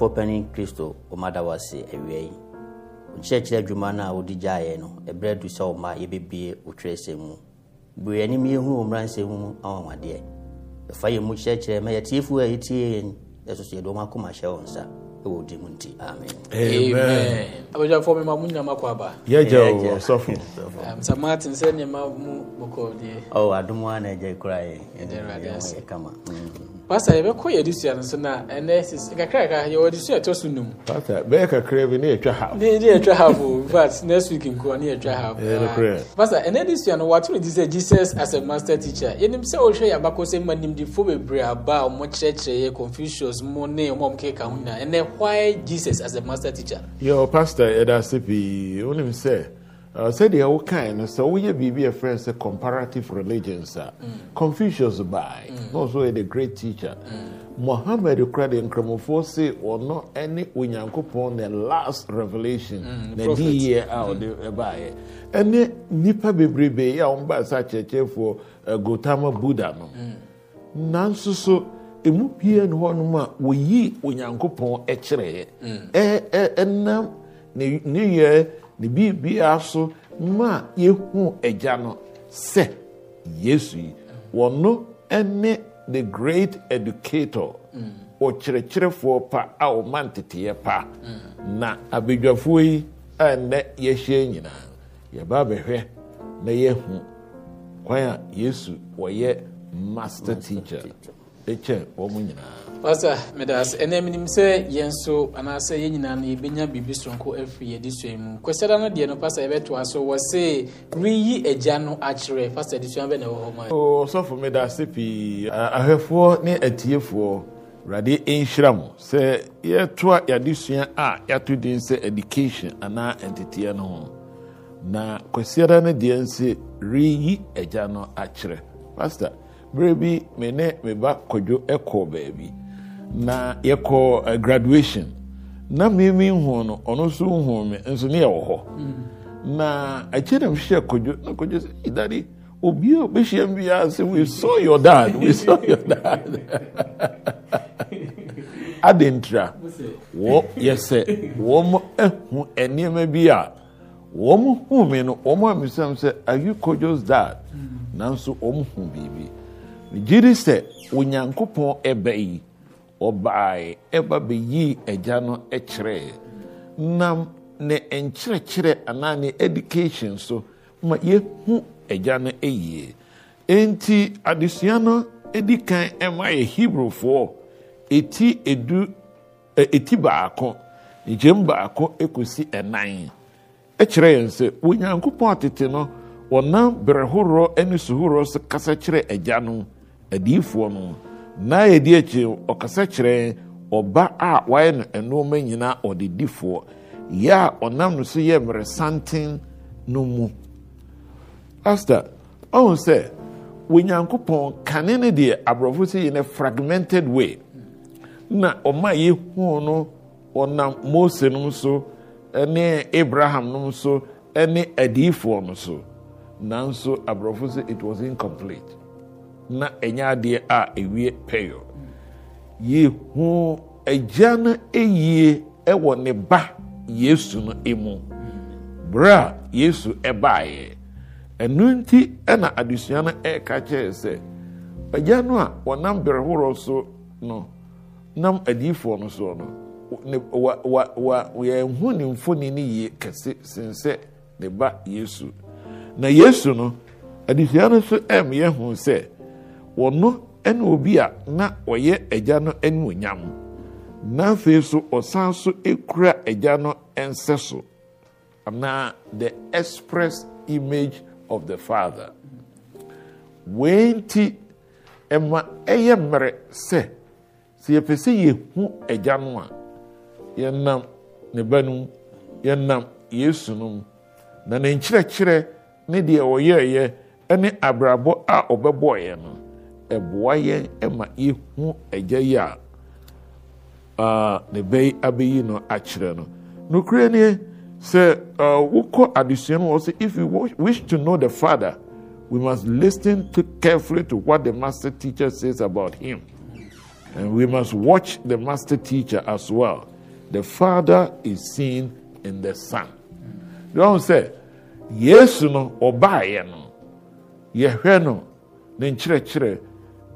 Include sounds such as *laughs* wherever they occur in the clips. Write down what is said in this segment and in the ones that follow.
ɛkɔpɛne kristo ɔmada wo ase awia yi ɔkyerɛkyerɛ adwuma no a wode gyaeɛ no ɛberɛ du sɛ ɔma yɛbɛbie wo twerɛsɛm mu bere anim yɛhunu wo mmara nsɛm mu anwanwadeɛ ɛfa yɛ mu kyerɛkyerɛ ma yɛtiefo a yɛtie yɛn ɛso so yɛde ɔma akoma hyɛ wɔ nsa ɛwɔ odi mu nti amen abagyafoɔ mema mo nyinama kɔ aba yɛgya o ɔsɔfo sɛ martin sɛ nneɛma mu bɔkɔɔ deɛ adom a na agya kora yɛ yɛkama mm pastor yɛbɛkɔ yɛ adesua no so na ɛnɛ kakraka yɛwɔ adesua ɛtɔ so num bɛyɛ kakra bi ne yɛtwa half ne yɛtwa half o but next week nkoa ne yɛtwa half ah. pastor ɛnɛ adesua no wɔato ne ti sɛ jesus as a master teacher yɛnim sɛ wohwɛ yɛ abakɔ sɛ ma nimdifoɔ bebree aba a ɔmo kyerɛkyerɛ yɛ confucius mu ne ɔmo a ɔmokeka ho nyinaa ɛnɛ why jesus as a master teacher yɛwɔ pastor yɛda ase pii wonim sɛ sɛdeɛ wokae no sɛ woyɛ biribi a ɛfrɛ sɛ comparative religions a uh, mm. confucius bae na ɔso yɛ the great teacher mm. mohammed kora de nkramofoɔ se ɔno ne onyankopɔn ne last revelation na di yie a ɔde baeɛ ɛne nnipa bebrebee a wɔmbaa sɛ akyerɛkyerɛfoɔ gotama buddha no mm. nanso so ɛmu pie no hɔnom a wɔyii onyankopɔn kyerɛeɛ ɛnam ne yɛ ne biribiaa so ma a yɛhuu agya no sɛ yesu yi wɔno ne the great educator ɔkyerɛkyerɛfoɔ mm. pa a ɔma nteteeɛ pa mm. na abadwafoɔ yi annɛ yɛahyia nyinaa yɛba bɛhwɛ na yɛahu kwan a yesu wɔyɛ master teacher ɛkyɛ wɔ nyinaa wasa medase ɛnɛ menim sɛ yɛn so anaasɛ yɛn nyinaa no yɛbɛnya biribi soronko afiri yɛde sua mu kwasɛda no deɛ no pasa yɛbɛtoa so wɔ se reyi agya no akyerɛ pasa adesua bɛ na ɛwɔ hɔ ma ɔsɔfo oh, medase pii ahwɛfoɔ ne atiefoɔ awurade nhyira mo sɛ yɛtoa yɛadesua a yɛato din sɛ education anaa nteteɛ no ho na kwasɛda no deɛ nse reyi agya no akyerɛ pastor bere bi me ne me kwadwo kɔɔ baabi na yɛkɔ eh, graduation na meme hu no ɔno so hu me nso ne yɛwɔ hɔ mm. na akyire na mehwɛ kɔdwo na kɔdwo sɛ hey, dade obi a obɛhyia m biara sɛ we saw your dad we saw your dad *laughs* adentra wɔ yɛsɛ wɔn ahu nneɛma bi a wɔn hu me no wɔn amisam sɛ are you kɔdwo's dad mm. nanso wɔn hu biribi gye di sɛ onyankopɔn ɛbɛ yi. ɔbae ɛba bɛyii agya no kyerɛeɛ nam ne nkyerɛkyerɛ anaa ne education so ma yɛhu agya no yie nti adesua no di kan ɛma yɛ hebrofoɔ ɛti baako nkyem baako ɛkɔsi nan. ɛkyerɛ yɛn sɛ onyankopɔn atete no ɔnam berɛ horoɔ ne suhoroɔ so kasa kyerɛ agya no adiifoɔ. no na yɛdi akyi ɔkasa kyerɛ ɔba a wayɛ no nneɛma nyinaa ɔde difoɔ yɛ a ɔnam no so yɛ mmeresanten no mu pastor ɔhu sɛ onyankopɔn kane no deɛ aborɔfo sɛ yɛ no fragmented way na ɔma yɛhuu no ɔnam mose nom so ne abraham no so ne adiyifoɔ no so nanso aborɔfo sɛ it was incomplete na ɛnyɛ adeɛ a ɛwie pɛyɔ yehu agya no ɛyie ɛwɔ ne ba yesu no emu berɛ a yesu ɛbaeɛ ɛno nti ɛna adesua no ɛreka kyerɛ sɛ agya no a wɔnam bere so no nam adiyifoɔ no so no wa wa wa yɛnhu ne mfoni ne yie kɛse sen sɛ ne ba yesu na yesu no adesua no nso ɛm yɛhu sɛ wɔno ɛna obi a na ɔyɛ agya no animonyam na afei so ɔsan so kura agya no nsɛ so anaa the express image of the father wei nti ɛma ɛyɛ mmerɛ sɛ sɛ yɛpɛ sɛ yɛhu agya no a yɛnam ne ba no mu yɛnam yesu no mu na ne nkyerɛkyerɛ ne deɛ ɔyɛɛyɛ ne abrabɔ a ɔbɛbɔɔeɛ no ɛboa yɛn ɛma yɛhu agya yi a ne bɛyi abɛyi no akyerɛ no nokorɛ nie sɛ wokɔ adesua no wɔ sɛ if you wish to know the father we must listen to carefully to what the master teacher says about him and we must watch the master teacher as well the father is seen in the son deɛ ɔhu sɛ yesu no ɔbaeɛ no yɛhwɛ no ne nkyerɛkyerɛ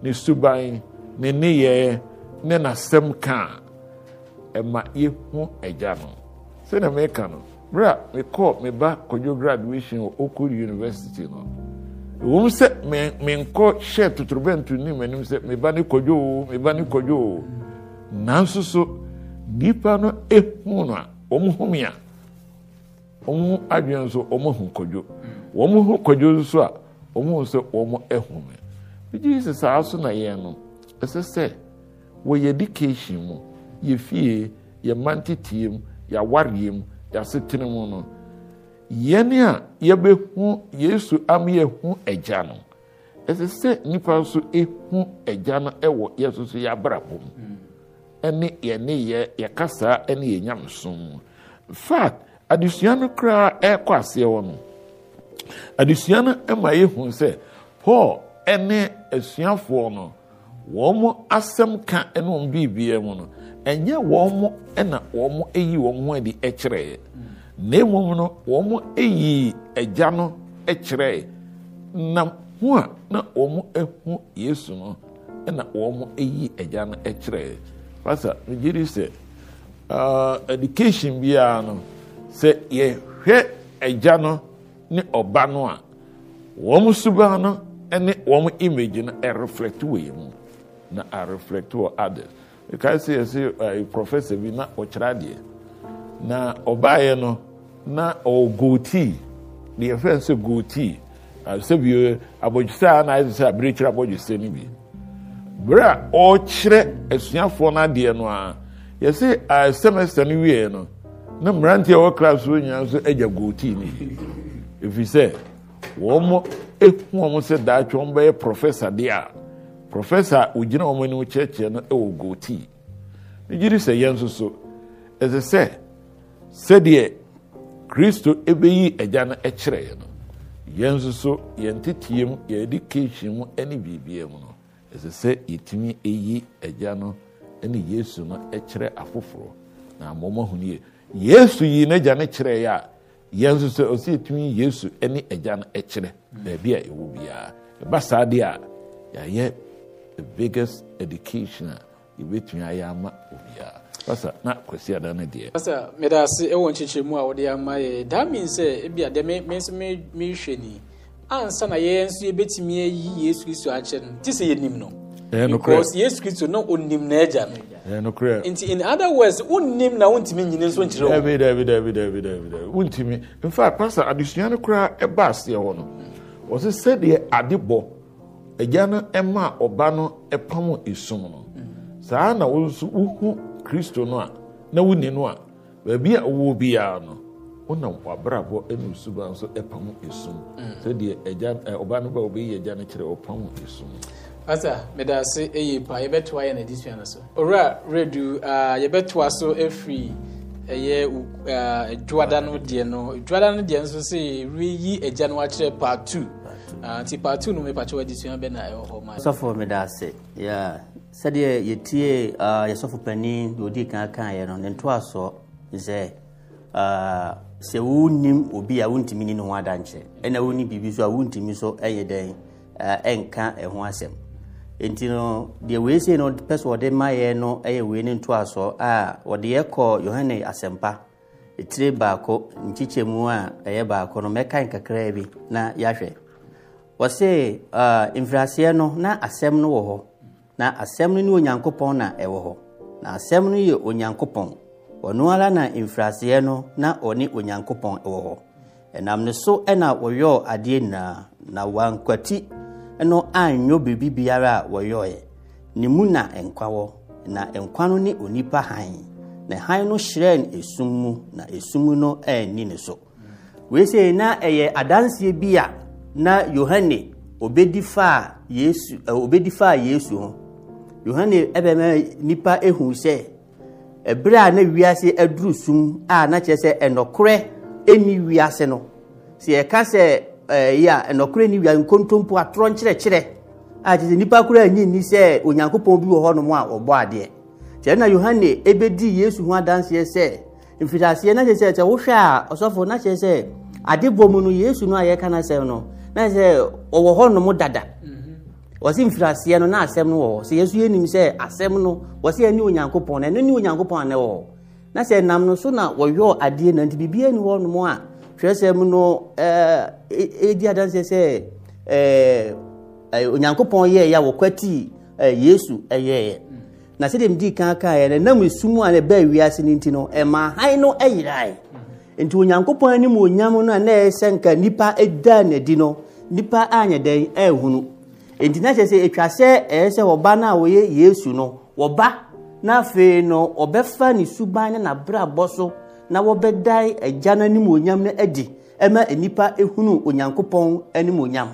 ne suban ne nneyɛɛ ne n'asɛm ka a ɛma yɛhu agya no sɛnea meka no berɛ a mekɔɔ me kɔdwo graduation wɔ okul university no ɛwom sɛ menkɔ hyɛ totorobɛnto nim anim sɛ meba ne kɔdwo o meba ne kɔdwo o nanso so nnipa no ɛhu no a wɔn home a wɔn adwene nso wɔn ho kɔdwo wɔn ho kɔdwo nso a wɔn ho sɛ wɔn ɛhome gyegye sɛ saa so na yɛn no ɛsɛ sɛ wɔyɛ education mu yɛ fie yɛ manteteɛ mu yɛ awareɛ mu yɛ asetene mu no yɛn a yɛbɛhu yesu ama yɛhu agya no ɛsɛ sɛ nipa nso ehu agya no ɛwɔ yɛ soso yɛ abrabɔ mu ɛne yɛn ne yɛ yɛkasa ɛne yɛ nyamesom mu fact adesua no koraa ɛkɔ aseɛ wɔ no adesua no ɛma yɛhu sɛ paul. ne asuafoɔ no wɔn asɛm ka ne wɔn biribiara mu no ɛnyɛ wɔn na wɔn yi wɔn ho adi kyerɛeɛ na mmom no wɔn yii gya no kyerɛ. nam ho a na wɔn ho yesu no ɛna wɔn yi gya no kyerɛ. pasa megye di sɛ education biara no sɛ yɛhwɛ gya no ne ɔba no a wɔn suban no ne wɔn image no ɛreflect wɔ yɛ mu na areflect wɔ others kae sɛ yɛsɛ ɛɛ professor bi na ɔkyerɛ adeɛ na ɔbaayɛ no na ɔwɔ goatee deɛ yɛfrɛ sɛ goatee sɛbi abɔdwesa a na ayɛ sɛ abirekyerɛ abɔdwesa no bi bere a ɔrekyerɛ asuafoɔ no adeɛ no a yɛsɛ ɛɛ semester no wieɛ no na mmeranteɛ a wɔwɔ class wɔ nyinaa nso agya goatee no bi efisɛ wɔn mo ɛhu wɔn sɛ daakye wɔn bɛyɛ professor deɛ a professor a ogyina wɔn anim kyerɛkyerɛ no ɛwɔ goatee ne gyiri sɛ yɛn nso so ɛsɛ sɛ sɛdeɛ kristo ɛbɛyi agya no ɛkyerɛɛ no yɛn nso so yɛn teteɛ mu yɛn education mu ɛne biribiara mu no ɛsɛ sɛ yɛtumi ɛyi agya no ɛne yesu no ɛkyerɛ afoforɔ na mmɔmɔ ho yesu yi n'agya no kyerɛɛ a yɛn nso sɛ ɔsi etumi yesu ɛne ɛgya no ɛkyerɛ baabi a ɛwɔ biara ɛba saa deɛ a yɛayɛ the biggest education a yɛbɛtumi ayɛ ama obiara pasa na kwasi ada no deɛ pasa meda ase ɛwɔ nkyekyerɛmu a wɔde ama yɛ daa min sɛ ebi a dɛ me me nso ni ansa na yɛn nso yɛbɛtumi ayi yesu kristo akyɛ no te sɛ yɛnim no Eh, because yesu kristo na onim na agya eh, no nti in other words wonnim na wontumi nyini nso nkyerɛ wontumi mfa pasa adesua no koraa ɛba aseɛ hɔ no wɔse sɛdeɛ ade bɔ agya no ɛma ɔba no ɛpam esum no saa na wo nso wohu kristo no a na woni no a baabi a wowɔ biara no wonam wabrabɔ ne osuba nso ɛpam esum mm. sɛdeɛ eh, ɔba no ba wobɛyi agya no kyerɛ ɔpam esum Asa, meda se eye pa yɛbɛtoa yɛ na disua no so. Owura redu uh, yɛbɛtoa so efiri ɛyɛ uh, dwada no deɛ no dwada no deɛ nso se reyi agya no akyerɛ part two nti uh, part two no mepakyɛ wadesua bɛ na ɛwɔ hɔ ma. Sɔfo meda ase yeah. sɛdeɛ yɛtie uh, yɛsɔfo panin deɛ ɔdi kan kan yɛ no ne ntoa soɔ sɛ uh, sɛ wonim obi a wontumi ni ne ho adankyɛ ɛna woni biribi so a wontumi so ɛyɛ dɛn ɛnka ɛho asɛm nti no deɛ wei sei no pɛ sɛ wɔde ma yɛ no yɛ wei ne ntoasoɔ a wɔde yɛkɔ yohane asɛmpa ɛtire baako mu a ɛyɛ baako no mɛkan kakraa bi na yɛahwɛ wɔse mfiraseɛ no na asɛm no wɔ hɔ na asɛm no ne onyankopɔn na ɛwɔ hɔ na asɛm no yɛ onyankopɔn ɔno ara na mfiraseɛ no na ɔne onyankopɔn ɛwɔ hɔ ɛnam ne so ɛna wɔyɔɔ adeɛ nyinaa na wankwati no anyɛ biribi biara a wɔyɔeɛ ne mu na nkwa wɔ na nkwa no ne onipa hann na hann no hyerɛn esum mu na esum no anni ne so wei sei na ɛyɛ adanseɛ bi a na yohane obɛdi fa a yesu obɛdi fa a yesu ho yohane ɛbɛma nipa ehu sɛ ɛberɛ a na wiase aduru sum a na kyerɛ sɛ ɛnɔkorɛ ɛni wiase no sɛ yɛka sɛ ɛyɛ eh, a ɛnɔkora ni wia nkontompo atorɔ nkyerɛkyerɛ a tete nipa nnipa koraa nyi nni sɛ onyankopɔn bi wɔ hɔnom a ɔbɔ adeɛ kyerɛ na yohane ebedi yesu ho adanseɛ sɛ mfitaseɛ na kyerɛ sɛ sɛ wohwɛ a ɔsɔfo na kyerɛ sɛ bɔ mu no yesu no a yɛka no asɛm no na sɛ ɔwɔ hɔnom dada mhm. wɔsi no na asɛm no wɔ hɔ sɛ yɛsu yɛnim sɛ asɛm no wɔsi ɛne onyankopɔn na ɛno onyankopɔn anɛ wɔ na sɛ nam no so na wɔyɔ adeɛ na nti a hwɛ sɛ mu no ɛdi adanseɛ sɛ onyankopɔn yɛɛ yɛ a wɔkwatii yesu ɛyɛeɛ na sɛdeɛ medii ka kaeɛ no nam sum a ne ɛbaa e wiase no eh, nti no ɛma hann no yerae nti onyankopɔn anim onyam no a na ɛyɛ sɛ nka nnipa ɛdaa n'adi no nnipa anyɛ dɛn ahunu ɛnti na kyɛ sɛ ɛtwa sɛ ɛyɛ sɛ ɔba no a wɔyɛ yesu no wɔba na afei no ɔbɛfa ne suban ne n'abrɛbɔ so na wɔbɛdae agya no animuonyam no adi ɛma nnipa ehunu onyankopɔn animuonyam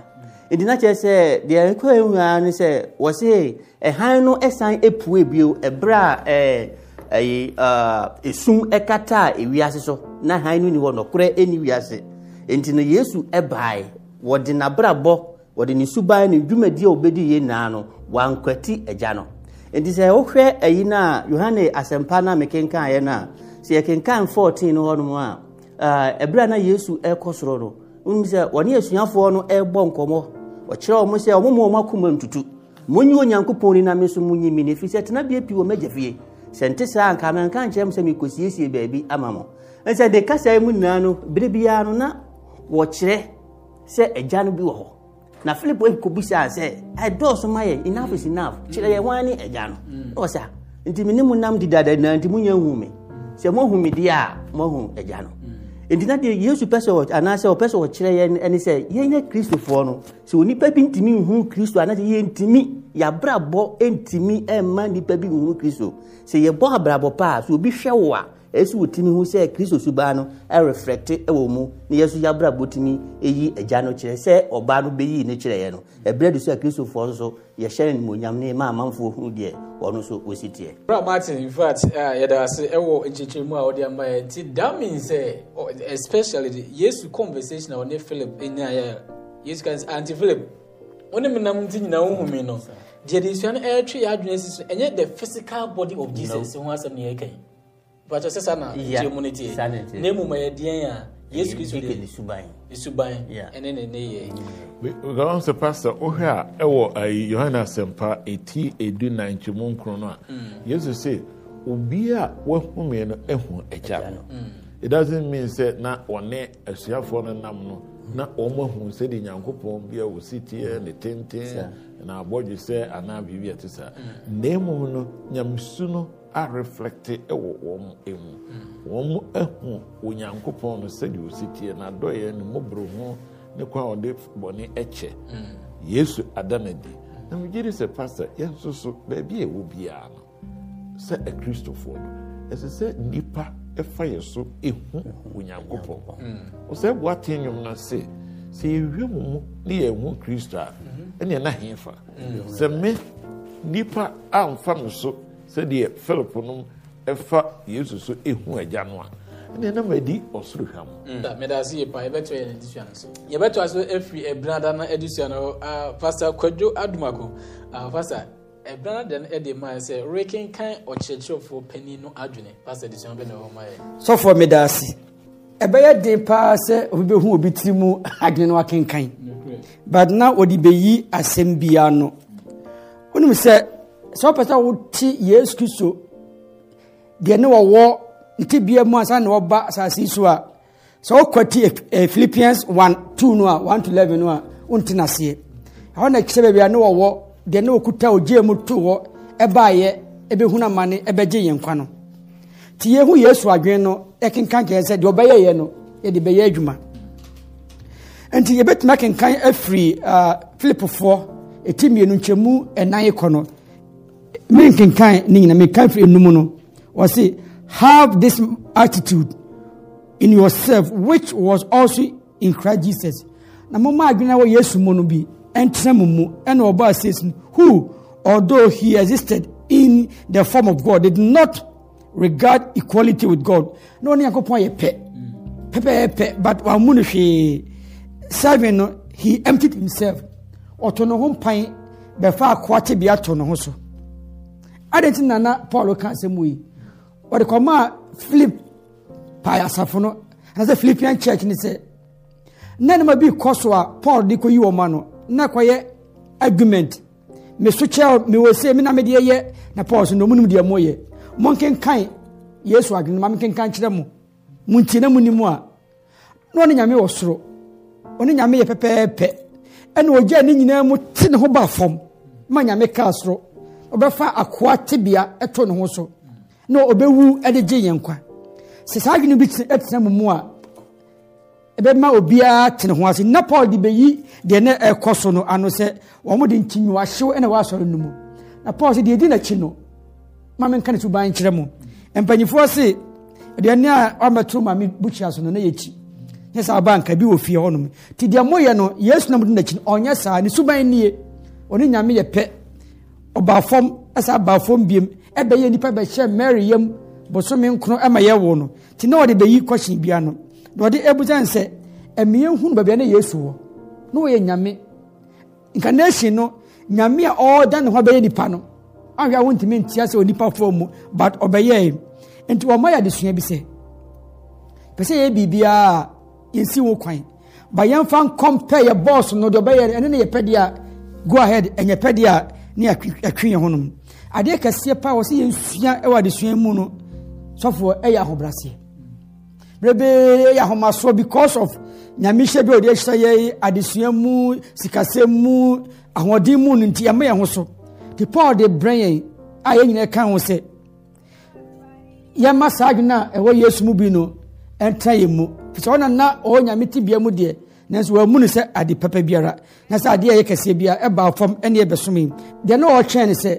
ɛdi na kyerɛ sɛ deɛ ɛkɔ ɛwura no sɛ wɔse ɛhan no ɛsan epue bio ɛbrɛ a ɛɛ ɛɛ esum ɛkata ewiase so na han no ni hɔ nɔkorɛ ɛni wiase nti no yesu ɛbae wɔde n'abrabɔ wɔde ne suban ne dwumadie a obedi yie nyinaa no wankwati agya no nti sɛ wohwɛ ɛyi na yohane asɛmpa na mekenkan yɛ no a sɛ yɛkenkan 14 no hɔnom a ɛberɛ na yesu ɛkɔ soro no wonim sɛ ɔne asuafoɔ no ɛrebɔ nkɔmmɔ ɔkyerɛ ɔmo sɛ ɔmoma ɔmo akoma ntutu monyi onyankopɔn ni name so monyi mi no ɛfiri sɛ tena bia pii wɔ m'agya fie sɛ nte saa anka menka nkyerɛ m sɛ mekɔsiesie baabi ama mo ɛnsɛ de kasae mu nyinaa no berɛ biara no na wɔkyerɛ sɛ agya no bi wɔ hɔ na philip kɔbisaa sɛ ɛdɔɔso ma yɛ enough is enough kyerɛ yɛ hwan ne agya no mm. na ɔsa nti me ne mu nam didada nyinaa nti monya hu me sɛ mohu me deɛ a moahu agya no ɛnti mm. na deɛ yesu pɛ sɛ anaasɛ ɔpɛ sɛ ɔkyerɛ yɛ ne sɛ yɛnyɛ kristofoɔ no sɛ onipa bi ntumi nhu kristo anaasɛ yɛntumi yɛabrabɔ ntumi mma nnipa bi nhu kristo sɛ yɛbɔ abrabɔ pa a sɛ obi hwɛ wo a ɛsɛ wotumi ho sɛ kristo suban no ɛrefrɛkte wɔ mu na yɛso yɛabrabɔ tumi ɛyi agya no kyerɛ sɛ ɔbaa no bɛyii ne kyerɛeɛ no ɛberɛ de so a kristofoɔ nso yɛhyɛ no nimonyam ne ma amanfoɔ hu deɛ ɔno nso ɔsi teɛ bra martin infact yɛda ase ɛwɔ nkyerɛkyerɛmu a wɔde ama yɛ nti that means sɛ especially the yesu conversation a ɔne philip ɛnyaeɛ yesu ka anti philip wone menam nti nyinaa wohumi no deɛ de sua no ɛretwe yɛ adwene si ɛnyɛ the physical body of jesus ho asɛm ne yɛka yi pàtó sisa na tie mu ne tie ne mu ma yɛ deɛn a yesu Kristu de esuban ɛne ne ne yɛ. gawa sɛ pastor wohwɛ a ɛwɔ ayi yohane asɛmpa eti edu na nkyɛmu nkron no mm. yesu sɛ obi a wahumiɛ no ɛhu agya no mm. it doesn't mean sɛ na ɔne asuafoɔ no nam no na wɔn ahu sɛde nyankopɔn bi a wɔsi teɛ ne tenten na abɔdwe sɛ anaa biribi a te saa mm. na mmom no nyamesu no areflɛkte wɔ wɔn mu wɔn ahu onyankopɔn no sɛdeɛ ɔsi tie na adɔeɛ no mmɔborɔ ho ne kwan a ɔde bɔne kyɛ yesu adanadi na megye di sɛ pastor yɛn nso so baabi a ɛwɔ biara no sɛ akristofoɔ no ɛsɛ sɛ nnipa ɛfa yɛ so ɛhu onyankopɔn ɔsɛ boate nnwom no se sɛ yɛhwɛ mu mu ne yɛhu kristo a ɛneɛ no ahefa sɛ me nnipa amfa me so sɛdeɛ philip no ɛfa yesu so ehu agya no a ɛnna nam adi ɔsoro hwam. da mɛdaase yɛ paa yɛbɛtɔ yɛn adisua no so yɛbɛtɔ aso efiri ɛbinada na adisua no a pastor kwadwo adumako a pastor ɛbinada dan ɛde maa sɛ rekenkan ɔkyerɛkyerɛfoɔ panyin no adwene pastor adisua bɛ na ɛwɔ maa yɛ. sɔfo mɛdaase ɛbɛyɛ den paa sɛ obi bɛ hu obi tiri mu adwene no akenkan but na wɔde bɛyi asɛm biara no wɔnum sɛ. sɛ wopɛ sɛ wote yesu kristo deɛ ne wɔwɔ nte bia mu ansa ne a sɛ ti eh, philippians 1 no a 11 no a wonte naseɛ ɛhɔ na kyerɛ baabi a ne wɔwɔ deɛ ne wɔkuta ogyee mu too hɔ ɛbaayɛ ɛbɛhunu amane ɛbɛgye yɛn yesu adwene no ɛkenkan kɛɛ sɛ deɛ no adwuma nti yɛbɛtumi akenkan afiri ɛti ah, mmienu nkyɛmu ɛnan kɔ menkenkan ne nyina meka firi enum no wɔse have this attitude in yourself which was also in Christ Jesus na moma adwene wɔ Yesu mu no bi ɛntena mu mu ɛna ɔbaa says who although he existed in the form of God did not regard equality with God na ɔne Nyankopɔn yɛ pɛ pɛpɛɛpɛ but wammu no hwee serving no he emptied himself ɔto ne ho mpan bɛfa akoa to ne ho so adɛn na na paul ka asɛm wɔ yi wɔde kɔmaa philip pae asafo no anasɛ philipian church ne sɛ na noma bi kọ so a paul de kɔyi wɔ ma no na kɔyɛ argument meso kyɛw mewɔ se me na mede yɛ na paul so na ɔmunom deɛ moyɛ monkenkan yesu adwene ma menkenkan kyerɛ mo montie na moni mu a na ɔne nyame wɔ soro ɔne nyame yɛ pɛpɛɛpɛ ɛna ɔgyaa ne nyinaa mu te ne ho baa fam ma nyame kaa soro ɔbɛfa akoa tibea ɛto ne ho so na ɔbɛwu ɛde gye yɛn kwa sɛ saa adwene bi ɛtena mu mu a ɛbɛma obiara tene ho ase na paul de bɛyi deɛ ne ɛkɔ so no ano sɛ wɔn de nkyinwa ahyew ɛna wɔasɔre no mu na paul sɛ deɛ edi n'akyi no maame nka ne so ban kyerɛ mu mpanyinfoɔ se aduane a wɔamɛto maame bukyia so no na yɛ kyi nyɛ saa banka bi wɔ fie hɔnom te deɛ moyɛ no yesu nam de n'akyi no ɔnyɛ saa ne suban nie ɔne nyame yɛ pɛ ɔbaa fam ɛsɛ abaa fam biem ɛbɛyɛ nipa bɛhyɛ mary yam bosome nkono ɛma yɛ wɔ no ti na ɔde bɛyi kɔhyɛn bia no na ɔde ebusan sɛ ɛmia hunu baabi a na yesu wɔ na ɔyɛ nyame incarnation no nyame a ɔɔda ne ho bɛyɛ nipa no ahwɛ a wɔntumi ntia sɛ onipa fam mu but ɔbɛyɛ nti wɔn ayɛ adesua bi sɛ pɛsɛ yɛ biribiara yɛnsi wo kwan ba yɛnfa nkɔmpɛ yɛ bɔɔso no deɛ ɔbɛyɛ ɛne ne yɛ pɛdeɛ a go ahead ɛnyɛ pɛdeɛ a ne atwe yɛn ho nom adeɛ kɛseɛ pa a wɔsɛ yɛnsua wɔ adesua mu no sɔfoɔ ɛyɛ ahobraseɛ berebee yɛ ahomasoɔ because of nyame hyɛ bi a ɔde ahyɛ yɛ adesua mu sikasɛ mu ahoɔden mu no nti yɛma yɛn ho so te paul de brɛ yɛn a yɛn nyinaa ka ho sɛ yɛma saa adwene a ɛwɔ yesu mu bi no ɛntra yɛn mu firi sɛ ɔnana ɔwɔ nyame tibea mu deɛ nanso wɔamu no sɛ ade pɛpɛ biara na sɛ adeɛ a ɛyɛ kɛseɛ biara ɛbaa fam ɛne ɛbɛsome yi deɛ na ɔkyɛn ne sɛ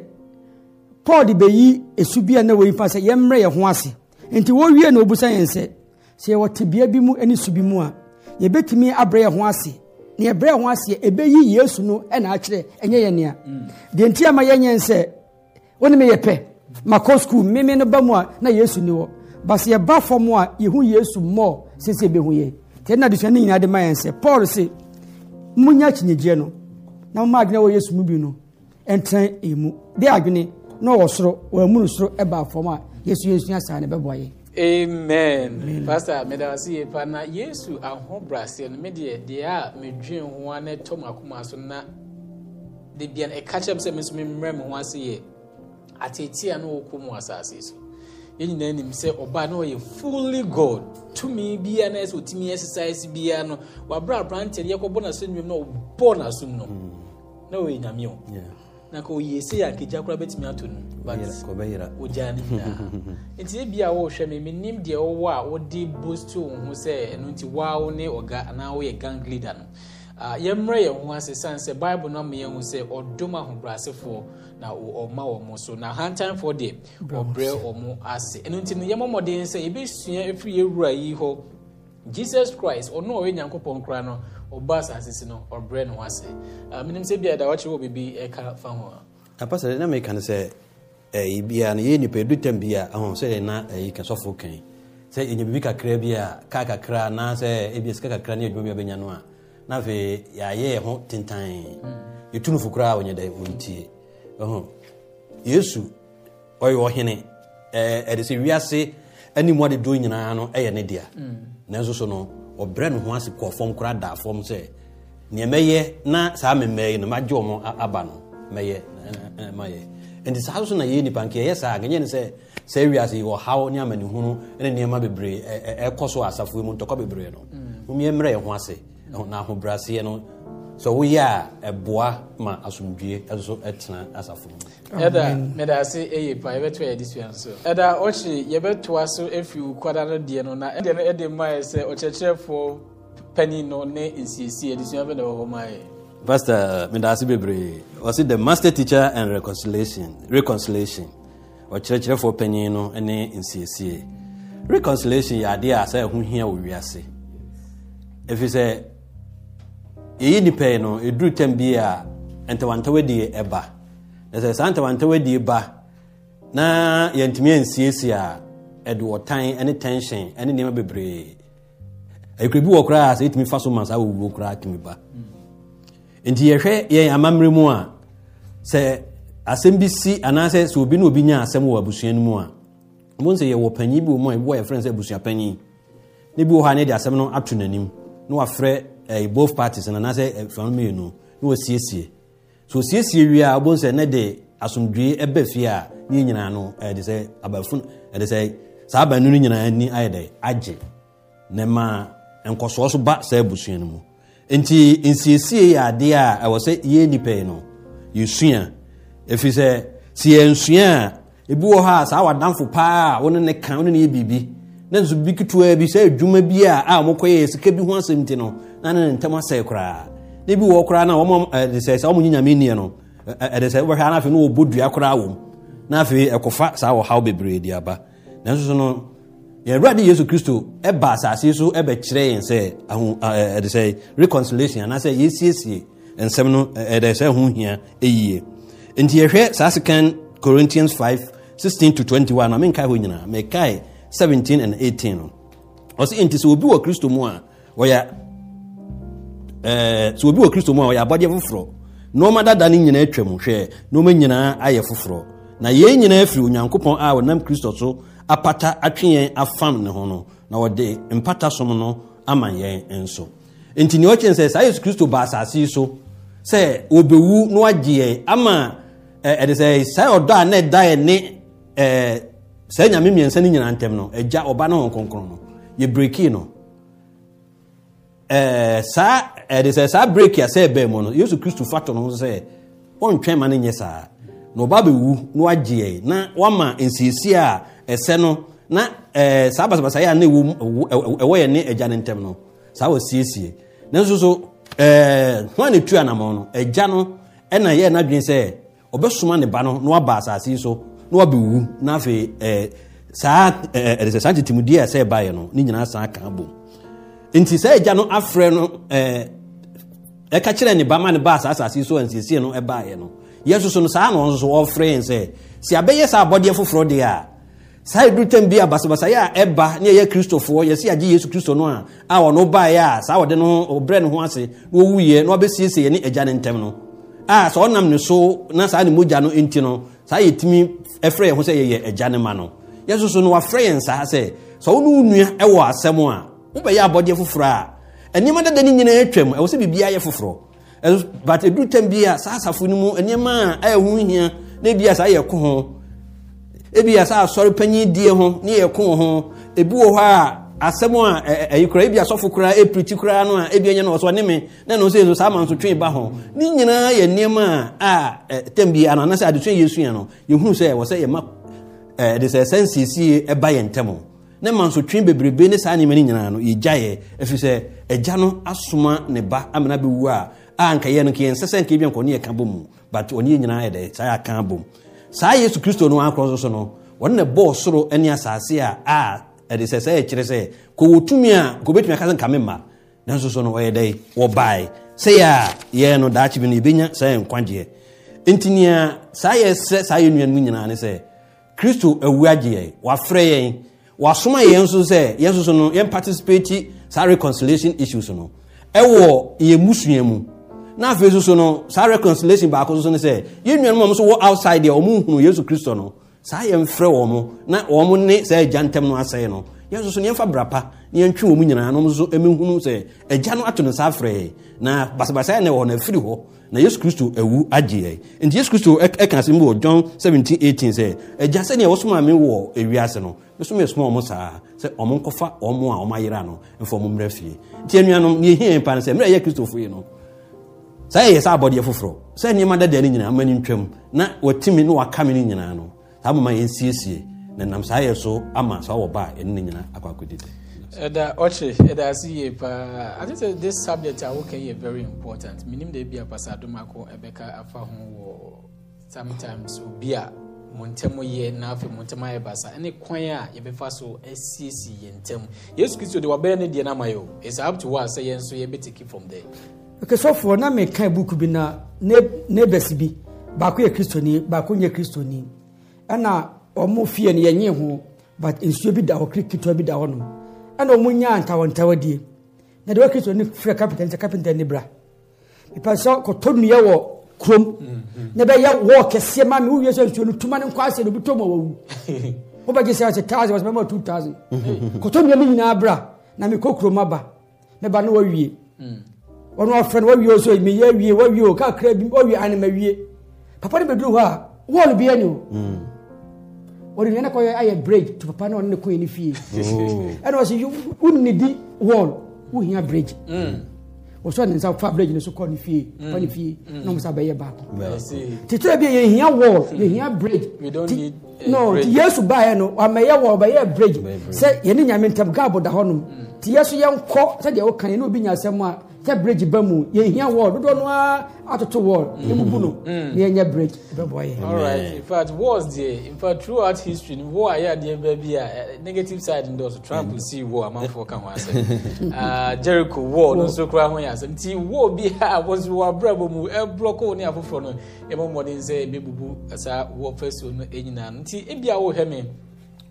paul de bɛyi esu bi a na wɔyi fa sɛ yɛmmerɛ yɛ ho ase nti wɔwie na ɔbusa yɛn sɛ sɛ yɛwɔ tebea bi mu ne su bi mu a yɛbɛtumi abrɛ yɛ ho ase na yɛbrɛ yɛ ho ase ɛbɛyi yesu no ɛna akyerɛ ɛnyɛ yɛn nea mm. deɛ nti ama yɛnyɛn sɛ wɔne me yɛ pɛ makɔ sukuu meme no ba mu a na yesu ni wɔ basi yɛba fam a yɛhu yesu mmɔɔ sɛsɛ ɛbɛhu yɛn nti ɛna adesua nyinaa de ma yɛn sɛ paul se munya kyinyegyeɛ no na moma adwene wɔ yesu mu bi no ɛntena emu de adwene na ɔwɔ soro wɔamunu soro ɛba fam a yesu yɛ nsua ne bɛboa yɛn amen pastor medawase yɛ pa na yesu ahobraseɛ no medeɛ deɛ a medwen ho a na ɛtɔ m akoma so na de bia no ɛka kyerɛ sɛ me so memmrɛ ho ase yɛ atetea na wɔkɔ mu asase so yɛn nyinaa nim sɛ ɔbaa no ɔyɛ fully god tumi biara na ɛsɛ otumi exercise biara no wabra aberanteɛ no yɛkɔbɔ n'aso nnwom na ɔbɔ n'aso no hmm. na ɔyɛ nyame o na ka ɔyɛ ese yɛ akegya koraa bɛtumi ato no but ɔgyaa ne nyinaa *laughs* nti ebi a wɔrehwɛ mi mi nim deɛ ɔwɔ a wɔde boost wɔn ho sɛ ɛno nti waa wo ne ɔga anaa wɔyɛ gang leader no. yɛmmerɛ yɛ ho ase san sɛ bible no ama yɛhu sɛ ɔdom ahobrɛasefoɔ na ɔma wɔ mo so na hantanfoɔ deɛ ɔbrɛ ɔ ase ɛno nti no yɛmɔmmɔden sɛ yɛbɛsua yɛwura yi hɔ jesus christ ɔno ɔyɛ nyankopɔn kora no ɔba asase si no ɔbrɛ ne ho ase menim sɛ bia dawakye wɔ biribi ɛka fa ho a apasɛ na meka no sɛ eh, biaa no yɛ nnipa ɛdu bi a sɔfoɔ kan sɛ ɛnya biribi kakra bi a kaa kakra anaasɛ ɛbia eh, sika kakra ne adwuma bi a na afei yɛayɛ yɛ ho tentan yɛtu no fo koraa a ɔnyɛ dɛ wɔntie yesu ɔyɛ ɔhene ɛde sɛ wiase animu adedoɔ nyinaa no ɛyɛ ne dea nanso so no ɔbrɛ ne ho ase kɔɔfam koraa da fam sɛ neɛ mɛyɛ na saa yi no magye ɔmo aba no mɛyɛ mayɛ nti saa so na yɛyɛ nipa nka yɛyɛ saa kɛnyɛ ne sɛ saa wiase yɛwɔ haw ne amanehunu ne nneɛma bebree ɛkɔ so asafo mu ntɔkwa bebree no momiɛ mmerɛ yɛ ho ase n'ahobraseɛ no sɛ woyɛ a ɛboa ma asomdwe nso tena asafo mu ɛda mede ase ɛyɛ pa yɛbɛto yɛde sua nso ɛda ɔhye yɛbɛtoa so afiri wo kwada no deɛ no na ɛdeɛ no ɛde maɛ sɛ ɔkyerɛkyerɛfoɔ pani no ne nsiesie adesua bɛne wɔ maɛ pastor mede ase bebree ɔse the master teacher and reconciliation reconciliation ɔkyerɛkyerɛfoɔ panyin no ne nsiesie reconciliation yɛ adeɛ a sɛ ɛho hia wɔ wiase ɛfiri sɛ yɛyi nnipa yi no ɛduru tam bi a ntawantawadie ɛba na sɛ saa di ba na yɛntumi ansiesie a ɛde wɔtan ne tension ne nneɛma bebree ɛkura bi wɔ koraa sɛ yɛtumi fa so ma saa wɔwuo koraa tumi ba nti yɛhwɛ yɛn amammerɛ mu a sɛ asɛm bi si anaasɛ sɛ obi na obi nya asɛm wɔ abusua no mu a mo sɛ yɛwɔ panyin bi wɔ mu a ebi wɔ yɛfrɛ no sɛ abusua panyin ne bi wɔ hɔ a ne de asɛm no ato n'anim na wafrɛ ɛɛ eh, both parties anaasɛ ɛfɛn mmienu na wɔsiesie so siesie wie a wɔbɔ nsɛ ne de asomdwee eh, ɛbɛ fie a ne nyinaa no ɛde eh, sɛ abafun ɛde sɛ saa abanu no nyinaa ani ayɛ dɛ agye ne ma nkɔsoɔ so ba saa abusua no mu nti nsiesie yɛ adeɛ a ɛwɔ sɛ yɛn nipa yi no yɛsua ɛfiri sɛ si yɛnsua a ebi wɔ hɔ a saa wadanfo paa a wɔne ne ka wɔne ne yɛ biribi ne nso bi ketewa bi sɛ adwuma bi a a wɔkɔ yɛ sika bi ho asɛm ti no ana ne ntɛm asɛe koraa ne bi wɔ koraa na wɔn ɛde eh, sɛ sɛ wɔn nyame nneɛ no ɛde eh, eh, sɛ wɔhwɛ ana afei na wɔbɔ dua koraa wɔm na afei ɛkɔfa saa ɔhaw bebree di aba na so no yɛwurade yesu kristo ɛba asase so ɛbɛkyerɛ yɛn sɛ aho ɛde sɛ reconciliation anaasɛ yɛsiesie nsɛm no ɛde sɛ ho hia ɛyie nti yɛhwɛ saa sekan corinthians 5 16 to 21 na menkae hɔ nyinaa mekae 17 and 18 no ɔsɛ enti sɛ obi wɔ kristo mu a wɔyɛ Eh, sɛ obi wɔ kristo mu a ɔyɛ abɔdeɛ foforɔ nnoɔma dada no nyinaa atwa mu hwɛ nnoɔma nyinaa ayɛ foforɔ na yɛn nyinaa firi onyankopɔn a ɔnam kristo so apata atwe afam ne ho no na ɔde mpata som no ama yɛn nso enti neɛ ɔkyerɛ sɛ saa yesu kristo ba asase yi so sɛ ɔbɛwu na wagye yɛn ama eh, ɛde sɛ saa ɔdɔ a na ɛda yɛ ne eh, saa nyame mmiɛnsa no nyinaa ntɛm no agya ɔba no ho kronkron no yɛbrekii no ɛde eh, eh, sɛ saa breki a sɛ ɛbɛn mu no yesu kristu fatɔ no ho sɛ ɔntwɛn ma no nyɛ saa na ɔba bɛwu na wagye yɛ na wama nsiesie a ɛsɛ no na ɛɛ eh, saa basabasa yɛ a na ɛwɔ mu ɛwɔ yɛ ne agya ne ntɛm no saa wɔ siesie nanso so ɛɛ ho a na etu anamɔ no agya no ɛna yɛ n'adwene sɛ ɔbɛsoma ne ba no na waba asase so na wabɛwu na afei ɛɛ saa ɛɛ ɛde sɛ saa tete die a sɛ ɛbaeɛ nti sɛ agya no afrɛ no eh, ɛka kyerɛ ne ba ma ne ba saa asase so ansiesie no ɛbaeɛ no yɛso so no saa na ɔno so ɔfrɛ yɛn sɛ si abɛyɛ saa abɔdeɛ foforɔ deɛ a saa ɛduru tam bi a basabasayɛ a ɛba ne ɛyɛ kristofoɔ yɛsɛ yɛagye yesu kristo no a a ɔno baeɛ a saa ɔde no ɔbrɛ ne ho ase na ɔwuiɛ na ɔbɛsiesie ne agya ne ntɛm no a sɛ ɔnam ne so na saa ne mogya no nti no saa yɛtumi ɛfrɛ yɛn ho sɛ yɛyɛ agya ne ma no no wafrɛ yɛn saa sɛ sɛ wo ne wo nua wobɛyɛ abɔdeɛ foforɔ a nneɛma dada no nyinaa atwam ɛwɔ sɛ biribiaa yɛ foforɔ but ɛduru tam bi a saa asafo no mu nneɛma a ɛyɛ ho hia na ebia saa yɛ ko ho ebia saa asɔre panyin die ho ne yɛ ko ho ebi wɔ hɔ a asɛm a ɛyi koraa ebi asɔfo koraa epiriti koraa no a ebi enya na ɔsɔ ne me na na ɔsɛ saa ama nso twen ba ho ne nyinaa yɛ nneɛma a tɛm bi ana anasɛ adetwe yɛ sua no yɛhunu sɛ ɛwɔ sɛ yɛma ɛde sɛ sɛnseesie ɛba yɛn ntɛm o ne ma nsotwe bebrebe ne saa nneɛma no nyinaa no yɛgyaeɛ ɛfiri sɛ agya no asoma ne ba amena bɛwu a a nkɛyɛ no nkɛyɛ nsɛ sɛ nkɛ bi nkɔne yɛ ka bɔ mu but ɔne yɛ nyinaa yɛ dɛ saa yɛ aka bɔ mu saa yesu kristo no akorɔ so so no wɔne ne bɔɔ soro ne asase a a ɛde sɛ sɛ yɛkyerɛ sɛ kɔwɔ tumi a nkɔbɛtumi aka sɛ nka me mma nanso so no ɔyɛ dɛ wɔbae sɛyɛ a yɛn no daakye bi no yɛbɛnya saa yɛ nkwagyeɛ nti nea saa yɛ sɛ saa yɛ nnuanom nyinaa ne sɛ kristo awu agyeɛ wafrɛ yɛn wasoma yɛn nso sɛ yɛn nso so no yɛn participate saa reconciliation issues no ɛwɔ yɛn musua mu na afei nso no saa reconciliation baako nso no sɛ yɛn nua no mu nso wɔ outside deɛ wɔn nhunu yesu kristo no saa yɛn frɛ wɔn na wɔn ne saa agya ntɛm no asɛe no yɛn nso so yɛn fa brapa na yɛn twi wɔn nyinaa na wɔn nso ɛmɛ hunu sɛ agya no ato ne saa frɛ na basabasa yɛn na ɛwɔ na ɛfiri hɔ na yesu kristo ewu agye yɛn nti yesu kristo ɛka asɛm bi wɔ john 17 18 sɛ agya sɛdeɛ wɔsomaa me wɔ ewiase no mesoma esoma ɔmo saa sɛ ɔmo nkɔfa ɔmo a ɔmo ayera no mfa ɔmo mmerɛ fie nti anuanom ne ehia mpa no sɛ mmerɛ yɛ kristofo yi no saa yɛ saa abɔdeɛ foforɔ sɛ nneɛma dada ne nyinaa ama ne ntwam na watimi na waka me ne nyinaa no saa mama yɛnsiesie na nam saa yɛ so ama saa wɔ ba a ɛne ne nyinaa akɔ akɔdidi ɛda ɔkye ɛda ase yie paa i think say this subject a woka yɛ very important Minim de bi a pasadom akɔ ɛbɛka afa ho wɔ sometimes obi a mo ntɛm yɛ na afei mo ntɛm ayɛ basa ɛne kwan a yɛbɛfa so asiesie yɛn ntɛm yesu kristo de wabɛyɛ ne deɛ n'ama yɛ o it's up to us sɛ yɛn nso yɛbɛtake from there. okay sɔfoɔ na mɛka buku bi na ne bɛsi bi baako yɛ kristoni baako nyɛ kristoni ɛna wɔn fie no yɛnyɛ ho but nsuo bi da hɔ kiri ketewa bi da hɔ nom ɛna ɔmo nya ntawantawa die na deɛ wakiri so ne fira kapita nkyɛ kapita ne bra nipa sɛ kɔtɔ nnua wɔ kurom mm-hmm. na bɛyɛ wɔɔ kɛseɛ maa mi wo wiye sɛ nsuo no tuma ne nkɔ asɛ no bi tɔ mu ɔwɔ wu wo bɛ gye sɛ ɔsɛ taasɛ ɔsɛ mɛma two thousand mm-hmm. kɔtɔ nnua ne nyinaa bra na mi kɔ kurom aba ne ba ne wɔwie ɔno a no wɔwie so mi yɛ wie mm. wɔwie o kakra bi wɔwie anima wie papa ne bɛ duro hɔ a wɔɔlu bi yɛ ni o. Mm ɔde yɛn kɔ ayɛ bridge to papa na ɔne ne yɛ ne fie ɛna ɔsi wunidi wall wuhia bridge wɔsɔ ne nsa fa bridge ne so kɔ ne fie kɔ ne fie na ɔmusa bɛyɛ baako titire bi yɛn wall yɛn hia bridge no ti yesu baayɛ no ɔmɛyɛ wall ɔbɛyɛ bridge sɛ yɛn ni nyame ntɛm gaabo da hɔ nom mm. ti so yɛn kɔ sɛ deɛ ɔkan yɛn na obi nya asɛm a yɛ bridge ba mu yɛ hia wall dodoɔ no ara atoto wall yɛ mu bu no na mm. mm. yɛ nyɛ bridge bɛboa yɛ. all right in fact wars deɛ in fact throughout history no war ayɛ adeɛ bɛɛ bi a eh, negative side n dɔɔso trump mm. see war amanfoɔ ka ho asɛm *laughs* ah, jericho war no nso kura ho yɛ asɛm nti war bi a *laughs* wɔsi wɔ abrabɔ mu ɛblɔko eh, ne afoforɔ no yɛ bɔ mmɔden sɛ ebebubu saa war fɛsuo no nyinaa no nti ebi a wɔrehwɛ mi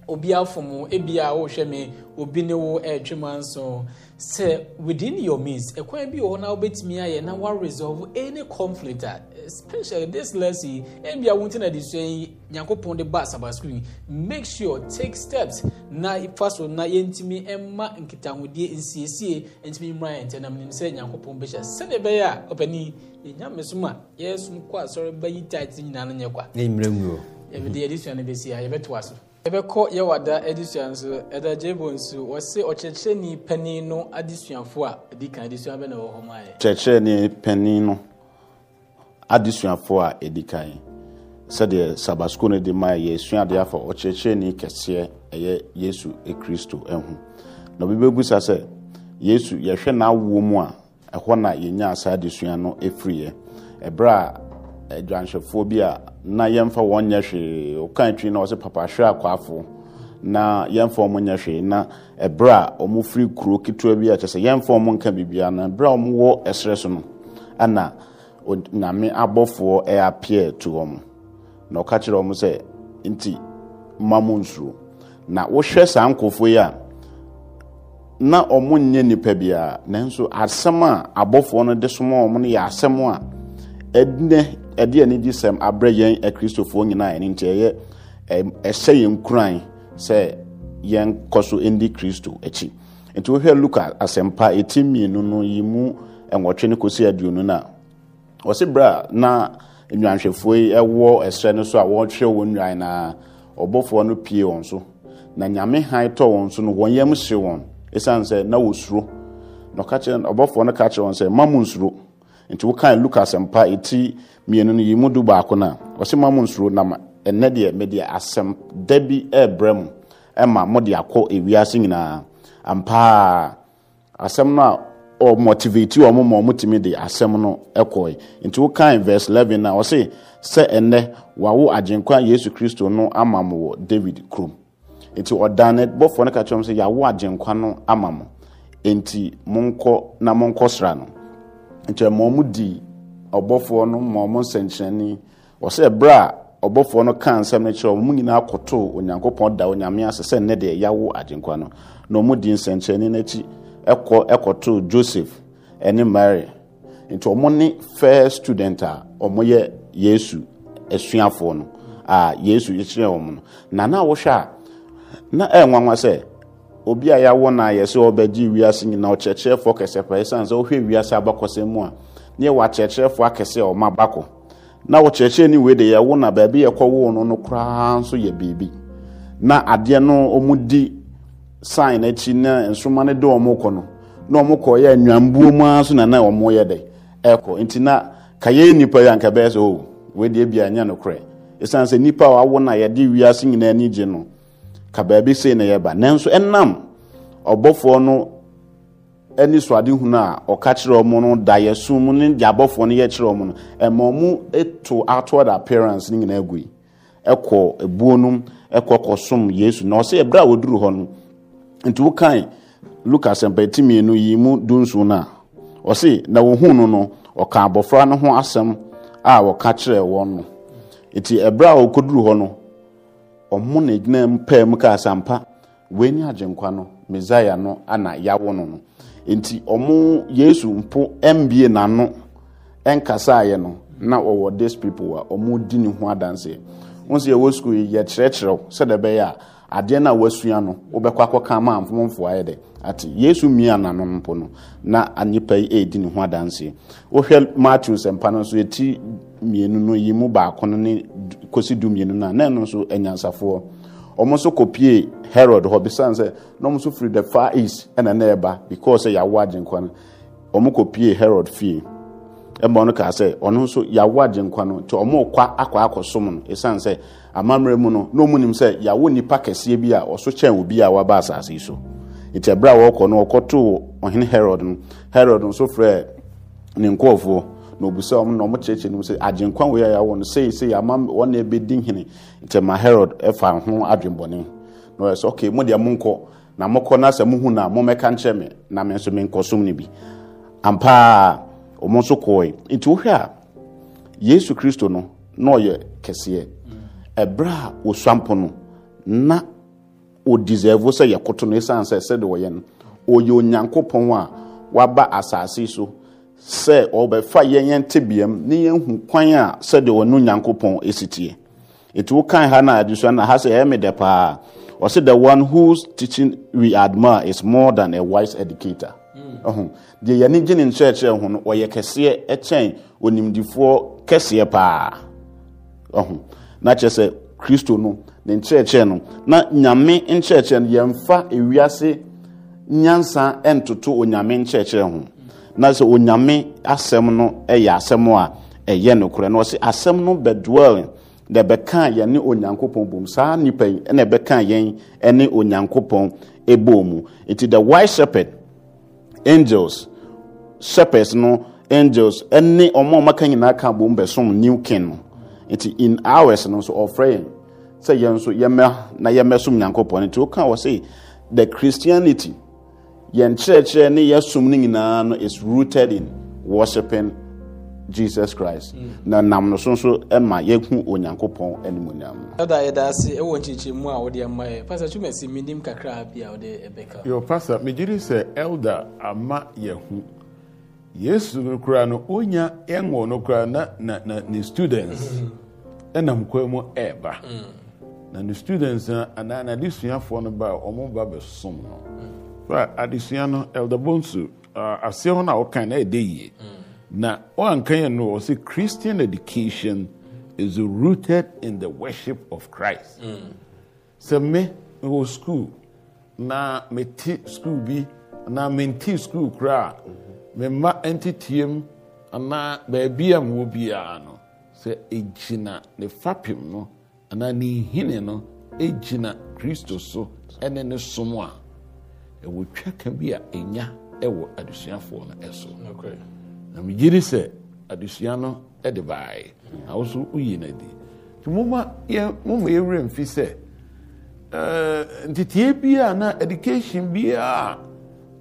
obi afom ebi a wɔrehwɛ mi obi ne wo ɛretwi eh, mu anso sɛ within your means ɛkwan bi wɔ hɔ na wobɛtumi ayɛ na waresolve any conflict a especially this lesson yi ebi a wɔn ti na de sua yi nyankopɔn de ba asaba school yi make sure take steps na fa so na yɛntumi ɛma nkitahodie nsiesie ntumi mmra yɛn ntɛnam nim sɛ nyankopɔn bɛhyɛ sɛdeɛ ɛbɛyɛ a ɔpɛni yɛnyame som a yɛsom kɔ asɔre bɛyi tight nyinaa no nyɛ kwa. ne mmerɛ nwuro. yɛbɛde yɛde sua no bɛsi a yɛbɛto aso ɛbɛkɔ yɛwɔ ada adesua nso ɛda gyebo nso wɔse ɔkyerɛkyerɛni panin no adesuafoɔ a ɛdi kan adesua bɛ na ɛwɔ hɔ maa yɛ. kyerɛkyerɛni panin no adesuafoɔ a ɛdi kan sɛdeɛ sabasco no de maa yɛsua adeɛ afa ɔkyerɛkyerɛni kɛseɛ ɛyɛ yesu ekristo ɛho na obi bɛbusa sɛ yesu yɛhwɛ n'awoɔ mu a ɛhɔ na yɛnya asa adesua no efiri yɛ ɛbrɛ a adwanhwɛfoɔ bi a na yɛmfa wɔn nyɛ hwee ɔka twi na ɔsɛ papahwɛ akwaafo na yɛmfa ɔmo nyɛ hwee na ɛberɛ a ɔmo firi kuro ketewa bi a kyɛ sɛ yɛmfa ɔmo nka biribiara na ɛberɛ a ɔmo wɔ ɛserɛ so no ɛna nyame abɔfoɔ ɛyɛ appear to wɔn na ɔka kyerɛ ɔmo sɛ nti mma mo nsuro na wohwɛ saa nkurɔfoɔ yi a na ɔmo nyɛ nipa biara nanso asɛm a abɔfoɔ no de soma ɔmo no yɛ asɛm a ɛnɛ ɛde ani gye sɛm abrɛ yɛn akristofoɔ nyinaa ɛne nti ɛyɛ ɛhyɛ yɛn kuran sɛ yɛn kɔ so ndi kristo akyi nti wohwɛ luka asɛmpa ɛti mmienu no yi mu nwɔtwe no kɔsi aduonu no a wɔsi berɛ na nnwanhwɛfoɔ yi ɛwɔ ɛsrɛ no so a wɔrehwɛ wɔn nnwan na ɔbɔfoɔ no pie wɔn so na nyame han tɔ wɔn so no wɔn yam hye wɔn ɛsiane sɛ na wɔsuro na ɔka kyerɛ ɔbɔfoɔ no ka kyerɛ wɔn sɛ ma nsuro nti wokan lukas mpa ɛti mmienu no yi mu du baako no a ɔsɛ ma mo nsuro nam ɛnɛ deɛ mede asɛm da bi ɛrebrɛ mu ɛma mode akɔ ewiase nyinaa ampaa asɛm no a or motivate you or more motimidi asɛm no ɛkɔɛ nti wokan verse eleven na ɔse sɛ ɛnɛ wawo agyenkwa yesu kristo no ama mo wɔ david kurom nti ɔdane bɔfoɔ no ka kyerɛ m sɛ yɛawo agyenkwa no ama mo nti monkɔ na monkɔ sra no nkyɛ ma ɔmo di ma ɔmo nsɛnkyerɛnni wɔsɛ ɛbrɛ a ɔbɔfoɔ no kaa nsɛm no kyerɛ ɔmo nyinaa koto onyankopɔn da onyame ase sɛ deɛ yawo agyenkwa no na ɔmo di nsɛnkyerɛnni n'akyi ɛkɔ ɛkɔto joseph ɛne mary nti ɔmo ne student a ɔmo yɛ yesu no a yesu na na wɔhwɛ a na ɛɛ nwanwa sɛ obi a yɛawɔ no na sɛ ɔbɛgye wiase nyina ɔkyerɛkyerɛfoɔ kɛsɛ ɛsiane sɛ wohwɛ wiase mu a yɛwɔ akyerɛkyerɛfoɔ akɛsɛ a ɔma bakɔ na wɔkyerɛkyerɛ wei na baabi yɛkɔwoo no no koraa nso yɛ biribi na adeɛ no ɔmu di sign akyi na nsoma de na ɔmo kɔ yɛ nnwambuo mu na na yɛ ɛkɔ nti na yi o oh, wei deɛ ɛsiane sɛ a na yɛde wiase nyinaa ani gye no ka beebi sei na yɛba nanso ɛnam ɔbɔfoɔ no ani soadehunu a ɔka kyerɛ ɔmo no da yɛsom mu ne de abɔfoɔ no yɛkyerɛ ɔmo no ɛma ɔmo to outward appearance no nyinaa agui ɛkɔ ebuo nom ɛkɔ kɔsom yesu na ɔsɛ ɛbrɛ a wɔduru hɔ no nti wokae lukas mpɛti mmienu yi mu dunsu no a ɔse na wɔhu no no ɔka abɔfra no ho asɛm a wɔka kyerɛ wɔn no nti ɛbrɛ a wɔkɔduru hɔ no ọmụ na egyina mu pɛɛ mu kaa sampa wei ne agyenkwa no mesaia no ana no nti ọmụ yesu mpo mbie n'ano nkasaeɛ no na ɔwɔ this people a ɔmo di ne ho adanseɛ wɔn nso yɛwɔ sukuu yi yɛkyerɛkyerɛw sɛdeɛ ɛbɛyɛ a adeɛ no a wasua no wobɛkɔ akɔka ma amfomfoɔ ayɛ dɛ ate yesu mia nanom mpo no na nnipa yi ɛdi ne ho adanseɛ wohwɛ matthew sɛmpa no nso ɛti mmienu no yi mu baako no ne kɔsi du mmienu no a na ɛno nso anyansafoɔ ɔmo nso kɔpie herod hɔ bisane sɛ na ɔmo nso firi the far east ɛna na ɛba because ɛyɛ awo agyenkwa no ɔmo kɔpie herod fie ma ɔno kaa sɛ ɔno nso yɛawo agye nkwa no nti ɔmokwa akɔ akɔsom no ɛsiane sɛ amammerɛ mu no na ɔmunim sɛ nnipa kɛseɛ bi a ɔso kyɛn obi a waba asase yi so nti ɛberɛ a wɔkɔ no herod no herod nso frɛ ne nkɔɔfoɔ na ɔbusɛ ɔm na ɔmokyerɛkyerɛ nom sɛ agyenkwa wei no na ɔyɛ sɛ na na wɔn nso kɔɔɛ nti wohwɛ a yesu kristo no na ɔyɛ kɛseɛ ɛbrɛ a osuampo no na odizevo sɛ yɛkoto no ɛsiane sɛ sɛde wɔyɛ no ɔyɛ onyankopɔn a waba asase so sɛ ɔbɛfa yɛn yɛn tebeam ne yɛnhu kwan a sɛde ɔno nyankopɔn ɛsitie nti wokan ha no adesua no ha sɛ ɛyɛ dɛ paa ɔse the one whose teaching we admire is more than a wise educator ho deɛ yɛne gye ne nsoɛkyerɛ ho no ɔyɛ kɛseɛ ɛkyɛn onimdifoɔ kɛseɛ paa ho na kyerɛ sɛ kristo no ne nkyerɛkyerɛ no na nyame nkyerɛkyerɛ no yɛmfa ewiase nyansa ɛntoto onyame nkyerɛkyerɛ ho na sɛ onyame asɛm no ɛyɛ asɛm a ɛyɛ nokorɛ na ɔsɛ asɛm no bɛdoɛl na ɛbɛka ɛbɛkaa yɛne onyankopɔn bom saa nnipa yi na ɛbɛkaa yɛn ne onyankopɔn bɔɔ nti the white shepherd angels shepherds no angels any omo a ɔmaka nyinaa ka bom bɛsom new king no in hours no nso ɔfrɛ say yen yɛn nso yɛmɛ na yɛmɛsom nyankopɔn nti woka wɔ sɛ the christianity yen church, ne yɛsom no no is rooted in worshiping jesus christ na nam no so nso ma yɛhu onyankopɔn animonyam no ɛda yɛda ase ɛwɔ pastor twumasi menim kakra bi a wode ɛbɛka pastor megyere sɛ elder ama yɛhu yesu no koraa no ɔnya ɛwɔ no koraa na na ne students mhm. ɛnam kwan mu ɛɛba mm. na ne students na anaa na adesuafoɔ no ba a wɔn ba bɛsom no so mm. adesua no elder bonsu ah, aseɛ hɔ no a wɔkan na ɛdɛ yie. Mm. Now, also Christian education is rooted in the worship of Christ. Mm. So me go school, na me ti school bi, na me school kra, me ma enti team, na baabi will be a no, sɛ egyina ne fapim no, ana ni hine no, egyina Kristo so ɛne ne som a, ɛwɔ twaka bi a enya ɛwɔ adesuafoɔ no eso. Okay. na megye di sɛ adesua no de baeɛ na wo so woyi no adi nti moma yɛwerɛ mfi sɛ nteteɛ biaa na education biaa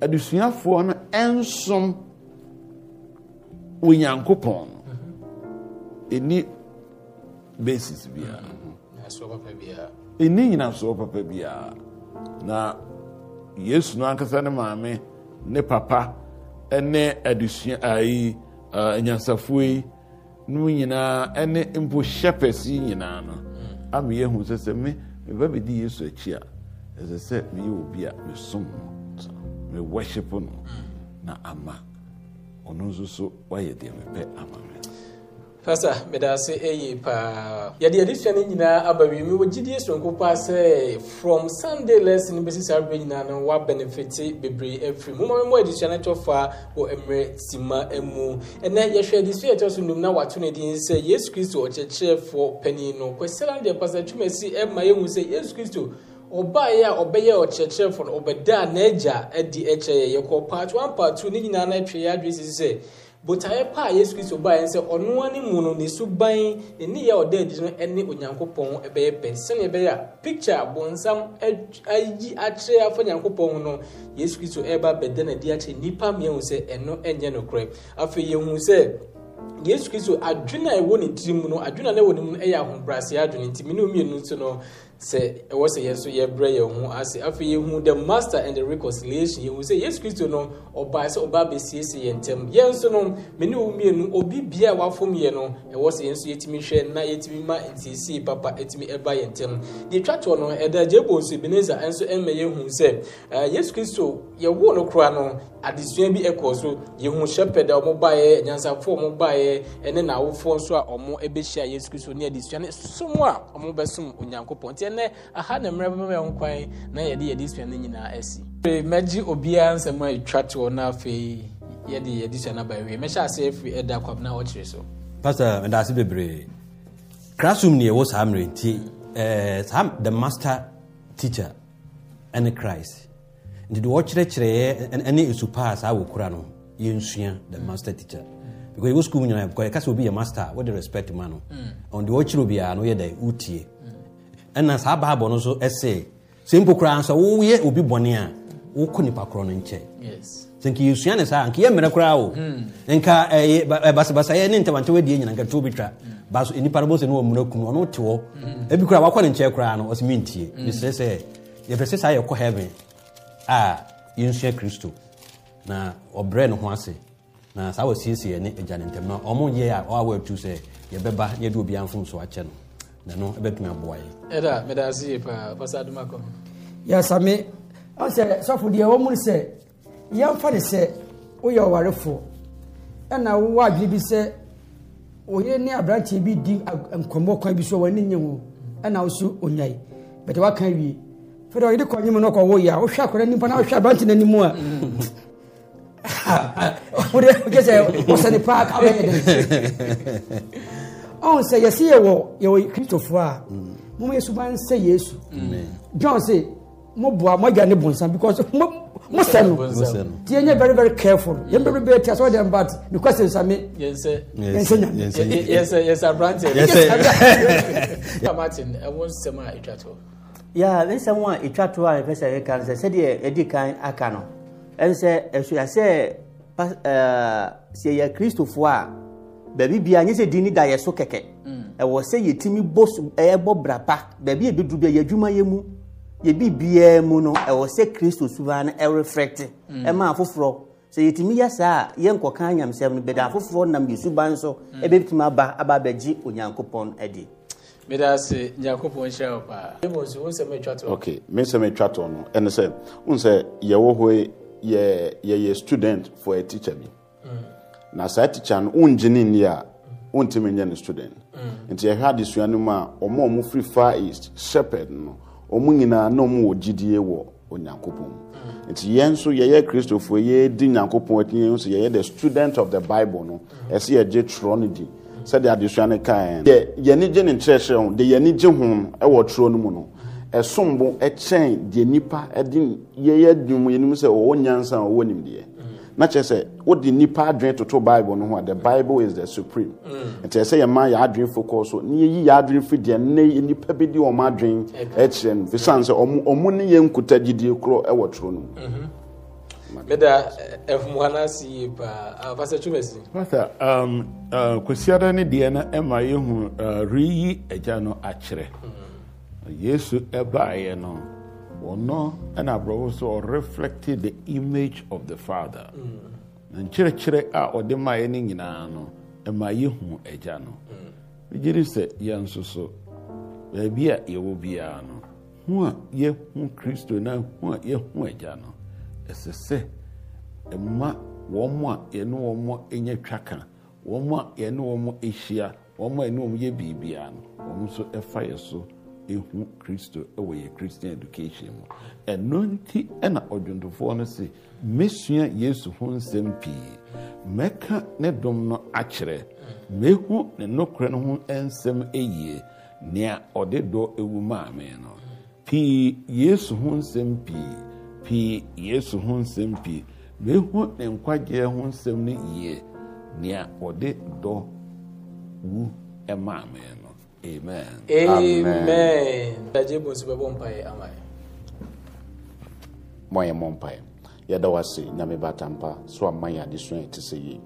adesuafoɔ no ɛnsom onyankopɔn no ɛni basis biaa ɛni nyinasoɔ papa biara na yesu no ankasa ne maame ne papa ne adusua ayi nyansafoɔ yi no nyinaa ne mpo shepherds yi nyinaa no ama yɛhu sɛ sɛ me meba bɛdi yesu akyi a ɛsɛ sɛ meyɛ obi a mesom no me worship no na ama ɔno nso so wayɛ deɛ mepɛ ama me pasa meda ase ɛyie eh, paa yɛde yɛde sua no nyinaa aba wie mi wɔ gyidie sonko paa sɛ from sunday lesson bɛsi saa berɛ nyinaa no woabenefite bebree afiri mu ma mmɔ adesua no tɔ fa wɔ mmerɛ sima mu ɛnɛ yɛhwɛ adesua ɛtɔ so nnum na wato no din sɛ yesu kristo ɔkyerɛkyerɛfoɔ panin no kwasɛra deɛ pasa twumasi ɛma yɛhu sɛ yesu kristo ɔbaeɛ a ɔbɛyɛ ɔkyerɛkyerɛfoɔ no ɔbɛda a n'agya adi ɛkyerɛ yɛ yɛkɔ part one part two ne nyinaa no atwe yɛ adwene sɛ botaeɛ pa a yesu kristo baeɛ sɛ ɔno ani mu no ne suban ne nneyɛ ɔda adi no ne onyankopɔn bɛyɛ pɛ sɛnea ɛbɛyɛ a picture bɔnsam ayi akyerɛ afa nyankopɔn no yesu kristo ɛreba bɛda n'adi akyerɛ nnipa mmiɛhu sɛ ɛno e nyɛ nokorɛ afei yɛhu sɛ yesu kristo adwene a ɛwɔ ne tirim no adwene a na ɛwɔ ne mu no e yɛ ahobrɛaseɛ adwene nti mene mmienu nso no sɛ ɛwɔ sɛ yɛn nso yɛbrɛ yɛn ho ase afei yɛhu the master and the reconciliation yɛhu sɛ yesu kristo no ɔbaa sɛ ɔbaa bɛsiesie yɛn ntɛm yɛn nso no me ne mmienu obi bia a wafom yɛ no ɛwɔ sɛ yɛn nso yɛtumi hwɛ na yɛtumi ma nsiesie papa ɛtumi ɛba yɛn ntɛm deɛ twa no ɛda gyebo nso ebeneza nso ɛmɛ yɛhu sɛ ɛɛ eh, yesu kristo yɛwo no kora no adesua bi ɛkɔ so yɛhu shepherd a wɔn baeɛ nyansafoɔ ba baeɛ ɛne n'awofoɔ nso a wɔn ɛbɛhyia yesu kristo ne adesua ne som a wɔn bɛsom onyankopɔn ɛnɛ aha na mmerɛ bɛma yɛn kwan na yɛde yɛde sua no nyinaa asi mɛgye obiara nsɛm a ɛtwa toɔ no afei yɛde yɛde sua no aba awie ase afiri ɛda kwam na wɔkyerɛ so pastor ɛda bebree classroom ni yɛwɔ saa mmerɛ nti eh, saa the master teacher ɛne christ nti deɛ wɔkyerɛkyerɛeɛ ne ɛsu paa saa wɔkura no yɛnsua the master teacher because yɛwɔ school nyinaa ɛka sɛ obi yɛ master a wode respect ma no mm. ɔno deɛ wɔkyerɛ obiara no woyɛ dɛ wotie ɛna saa bible no so ɛsee sɛ koraa sɛ woyɛ obi bɔne a wokɔ nipa korɔ no nkyɛ sɛ nka yɛsua ne saa nka koraa o hmm. nka eh, eh, basabasayɛ ne nyina twa hmm. baso nipa no sɛ ne ɔno wote hɔ hmm. ebi koraa wakɔ ne koraa no ɔsɛ mentie mesrɛ sɛ yɛpɛ sɛ saa yɛkɔ heaven a yɛnsua kristo na ɔbrɛ ne ho ase na saa wɔsiesie ne agya ne ntam na ɔmo yɛ a ɔawɔ atu sɛ yɛbɛba na yɛde obiaa mfom so akyɛ no nano ɛbɛtumi aboa yi. ɛda mɛda ase yie paa pasa aduma kɔ. yasa mi ɔn sɛ sɔfo deɛ wɔn mu sɛ yɛnfa de sɛ woyɛ ɔwarefo ɛna wowɔ adwene bi sɛ oyere ne aberanteɛ bi di nkɔmmɔ kwan bi so a wɔn ani nye ho ɛna woso onya yi bɛtɛ waka wie fɛdɛ de kɔ nyim no kɔ wɔ yi a wohwɛ akɔrɔ nipa na wohwɛ aberante no anim a *laughs* wode wokɛ sɛ wɔsɛne paa ka wɔyɛ dɛn *laughs* ɔn sɛ yɛsi yɛ wɔ yɛwɔ kristofoɔ a mo mo yesu ban sɛ yesu john say mo bua mo agya ne bɔnsan because mo mo sɛ no ti yɛn nyɛ very very careful yɛn bɛ bɛ ti asɔ dɛm bat ne kɔ sɛnsa mi yɛn sɛ yɛn sɛ nyame yɛn sɛ yɛn sɛ aberanteɛ yɛn sɛ yɛn sɛ martin ɛwɔ nsɛm a etwa to. yaa nsɛm a etwa to a yɛfɛ sɛ yɛka no sɛ sɛdeɛ yɛdi kan aka no ɛn sɛ ɛsɛ sɛ ɛɛ sɛ yɛ kristofoɔ a baabi bia nye sɛ din ni da yɛ so kɛkɛ mm. ɛwɔ sɛ yɛtumi bɔ ɛyɛ bɔ braba baabi yɛbɛduru bia yɛadwuma yɛ mu yɛbi biara mu no ɛwɔ sɛ kristo suba no ɛrefrɛkte mm. ɛma afoforɔ sɛ yɛtumi yɛ saa a yɛnkɔka nyamsɛm no bɛda afoforɔ nam yɛsuban so mm. ɛbɛtumi aba aba abɛgye onyankopɔn adi medase nyankopɔn hyɛ wo paamesɛmetwatɔ no ɛne sɛ wohu sɛ yɛwɔ hɔ yɛyɛ student for a teacher bi mm. na saa tikya no wongye ne nni a wontumi nyɛ no student mm. nti yɛhwɛ adesua no mu a ɔma ɔmo firi far east shepherd no ɔmo nyinaa na ɔmo wɔ gyidie wɔ onyankopɔn mm. nti yɛn nso yɛyɛ kristofoɔ yɛdi nyankopɔn akyi yɛn nso yɛyɛ the student of the bible no mm. ɛsɛ yɛgye twerɛ no di sɛdeɛ adesua no kaeɛ no deɛ yɛni gye ne nkyerɛkyerɛ ho deɛ yɛni gye ho no ɛwɔ no mu no ɛsom bo ɛkyɛn deɛ nipa ɛde yɛyɛ dum yɛnim sɛ ɔwɔ nyansa a ɔwɔ nimdeɛ na kyerɛ sɛ wode nipa adwene toto bible no ho a the bible is the supreme mm. nti ɛsɛ yɛma yɛ adwene fo kɔɔ so ne yɛyi yɛ adwene fi deɛ nnɛ nipa bi di ɔma adwene akyerɛ no fisiane sɛ ɔmo ne yɛ nkuta gyidie korɔ ɛwɔ toro no mu mm-hmm. meda eh, ɛfumu anase yie paa ah, pastor twumasi pastor um, uh, kwasiada ne deɛ no ɛma yɛhu uh, reyi agya no akyerɛ mm-hmm. yesu ɛbaeɛ no wɔno ɛna aborɔfo so ɔreflected the image of the father mm. na nkyerɛkyerɛ a ah, ɔde maa maeɛ no nyinaa e no ɛma yɛhu agya e no megye mm. di sɛ yɛn nso so baabi a yɛwɔ biara no hu a yɛhu kristo na hu a yɛhu agya e no ɛsɛ sɛ ɛma wɔn a yɛne wɔn nyɛ twaka wɔn a yɛne wɔn ahyia wɔn a yɛne wɔn yɛ biribiara no wɔn nso ɛfa yɛ so ɛhu kristo ɛwɔ yɛ christian education mu ɛno nti ɛna ɔdwontofoɔ no sɛ mɛsua yesu ho nsɛm pii mɛka ne dom no akyerɛ mɛhu ne nokorɛ no ho nsɛm ɛyie nea ɔde dɔ ɛwu maame no pii yesu ho nsɛm pii pii yesu ho nsɛm pii mɛhu ne nkwagyeɛ ho nsɛm no yie nea ɔde dɔ wu ɛmaame no Amen. Amen. Dagye bu nso bɛbɔ mpaeɛ ama yɛ. Mɔyɛ mɔ mpaeɛ. Yɛda wase nyame bata mpa so ama yɛ adesua ɛte sɛ yie.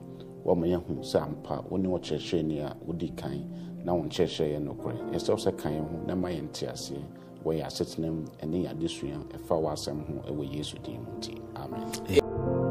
Wɔma yɛhu sɛ ampa wo ne ɔkyerɛkyerɛni a wodi kan na wo nkyerɛkyerɛ yɛ nokorɛ. Yɛsɛ wo sɛ ka ho na ma yɛ nte aseɛ wɔyɛ asetenam ne yɛ adesua ɛfa wɔ asɛm ho ɛwɔ yesu din mu nti amen.